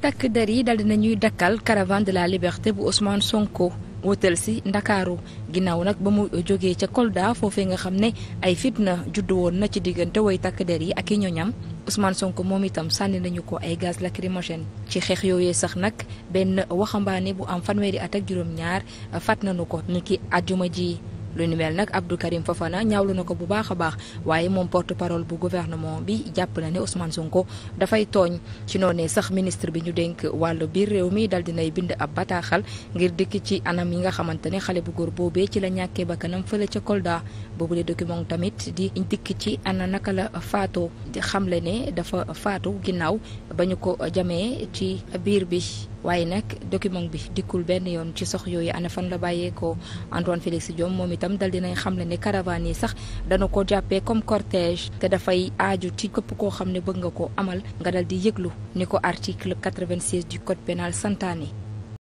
takk der yi dal dinañuy dakkal caravane de la liberté bu Ousmane Sonko wóotal si Ndakaaru ginnaaw nag ba mu jógee ca Kolda foofee nga xam ne ay fitna juddu woon na ci diggante way takk der yi ak yi ñoñam usmaan Sonko moom itam sànni nañu ko ay gaz lacrymogène ci xeex yooyee sax nag benn waxambaane bu am fanweeri at ak juróom-ñaar fat nañu ko ñu ki àjjuma ji. lu ni mel nag Abdou Karim Fofana ñaawlu na ko bu baax a baax waaye moom porte parole bu gouvernement bi jàpp na ne Ousmane Sonko dafay tooñ ci noonu sax ministre bi ñu dénk wàll biir réew mi dal dinay bind ab bataaxal ngir dikk ci anam yi nga xamante ne xale bu góor boobee ci la ñàkkee bakkanam fële ca Kolda boobule document tamit di dikk ci ana naka la faatoo di xamle ne dafa faatu ginnaaw ba ñu ko jamee ci biir bi. waaye nag document bi dikkul benn yoon ci sox yooyu ana fan la bàyyeekoo Antoine Félix Diome moom itam dal dinay xamle ne caravane yi sax dana ko jàppee comme cortège te dafay aaju ci këpp koo xam ne bëgg nga ko amal nga dal di yëglu ni ko article 86 du code pénal santaane